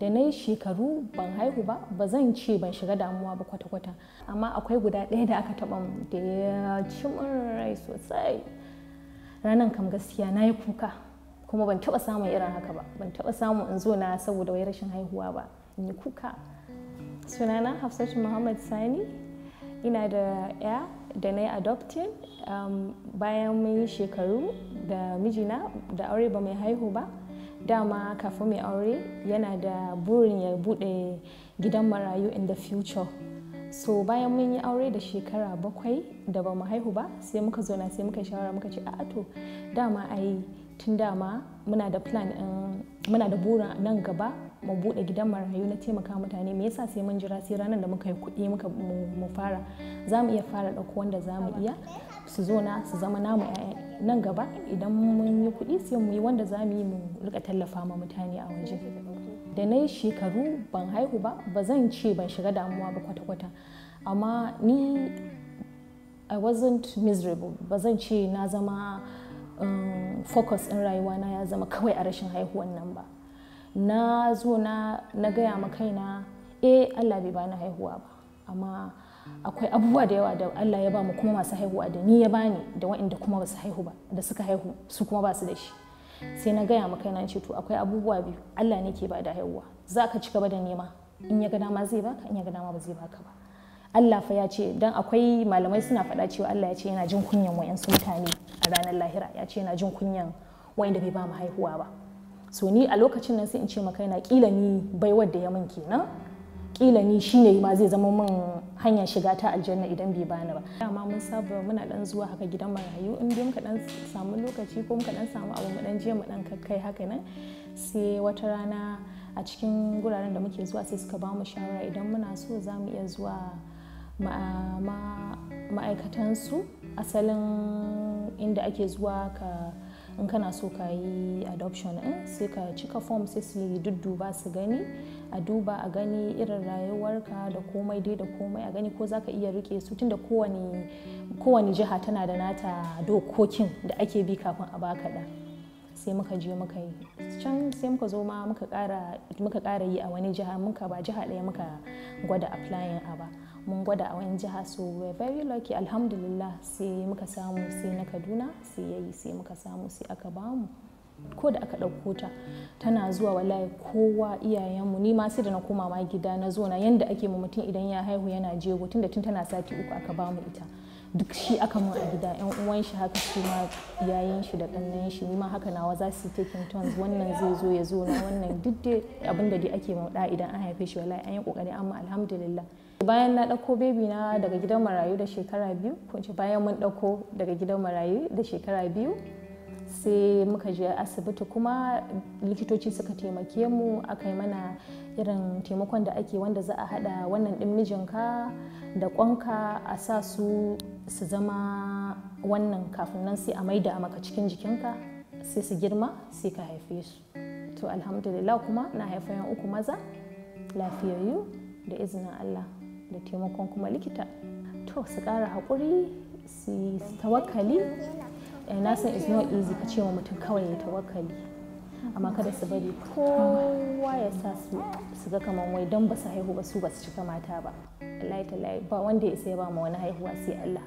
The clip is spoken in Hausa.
da na yi shekaru ban haihu ba ba zan ce ban shiga damuwa ba kwata-kwata amma akwai guda ɗaya da aka taɓa da ya ci rai sosai ranan kam gaskiya na yi kuka kuma ban taɓa samun irin haka ba ban taɓa samun in zo na saboda wai rashin haihuwa ba ni kuka sunana hafsatu muhammad sani ina da ya da na yi adoptin um, bayan mun yi shekaru da mijina da aure ba mai haihu ba dama kafin mai aure yana da burin ya bude gidan marayu in the future so bayan mun yi aure da shekara bakwai da ba mu haihu ba sai muka zauna sai muka shawara muka ce a'a to dama ai tun dama muna da plan eh, muna da burin nan gaba mu buɗe gidan marayu na taimaka mutane me yasa sai mun jira sai ranar da muka yi kuɗi muka mu fara za mu iya fara ɗauko wanda za mu iya su zo na su zama namu nan gaba idan mun yi kuɗi sai mu yi wanda za mu yi mu rika tallafa ma mutane a waje da na yi shekaru ban haihu ba ba zan ce ban shiga damuwa ba kwata-kwata amma ni i wasn't miserable ba zan ce na zama um, focus in rayuwa na ya zama kawai a rashin haihuwan nan ba na zo na na gaya ma kaina eh Allah bai bani haihuwa ba amma akwai abubuwa da yawa da Allah ya ba mu kuma masu haihuwa da ni ya bani da waɗanda kuma ba su haihu ba da suka haihu su kuma ba su da shi sai na gaya ma kaina ce to akwai abubuwa biyu Allah ne ke ba da haihuwa za ka ci gaba da nema in ya ga dama zai baka in ya ga dama ba zai baka ba Allah fa ya ce dan akwai malamai suna faɗa cewa Allah ya ce yana jin kunyan wayansu mutane a ranar lahira ya ce yana jin kunyan wayanda bai ba mu haihuwa ba so ni a lokacin nan sai in ce ma kaina kila ni baiwar da ya min kenan kila ni shine ma zai zama min hanyar shiga ta aljanna idan bai bani ba dama mun saba muna dan zuwa haka gidan marayu in dai muka dan samu lokaci ko muka dan samu abu mu dan je mu dan kakkai haka nan sai wata rana a cikin guraren da muke zuwa sai suka ba mu shawara idan muna so za mu iya zuwa ma'aikatansu asalin inda ake zuwa ka in kana so ka yi adoption ɗin eh, sai ka cika form sai su dudduba su gani a duba a gani irin rayuwarka da komai dai da komai a gani ko za ka iya rike su tunda kowane jiha tana da nata dokokin da ake bi kafin a baka ɗa. sai muka je muka yi can sai muka zo ma muka kara yi a wani jiha muka ba jiha ɗaya muka gwada applying a ba mun gwada a wani jiha so we very lucky alhamdulillah sai muka samu sai na kaduna sai ya yi sai muka samu sai aka bamu ko da aka ɗauko ta tana zuwa wallahi kowa iyayenmu ni ma sai da na koma ma gida na zo na yanda ake mu mutum idan ya haihu yana jego tunda tun tana sati uku aka ba mu ita duk shi aka mun a gida yan uwan shi haka shi ma yayin shi da kannan shi ni ma haka nawa za su taking turns wannan zai zo ya zo na wannan duk dai abin da dai ake mu da idan an haife shi wallahi an yi kokari amma alhamdulillah bayan na ɗauko bebi na daga gidan marayu da shekara biyu ko bayan mun ɗauko daga gidan marayu da shekara biyu sai muka je asibiti kuma likitoci suka taimake mu aka yi mana irin taimakon da ake wanda za a hada wannan ɗin mijinka da kwanka a sa su su zama wannan kafin nan sai a maida a maka cikin jikinka sai su girma sai ka haife su to alhamdulillah kuma na haifa yan uku maza lafiyayyu da izinin allah da taimakon kuma likita to su kara haƙuri su tawakali Eh, na san is not easy ka cewa mutum kawai ya tawakkali amma kada su bari kowa ya sa su ga kamar wai don ba su haihu ba su ba su cika mata ba Allah ya ba wanda ya sai ba ma wani haihuwa sai Allah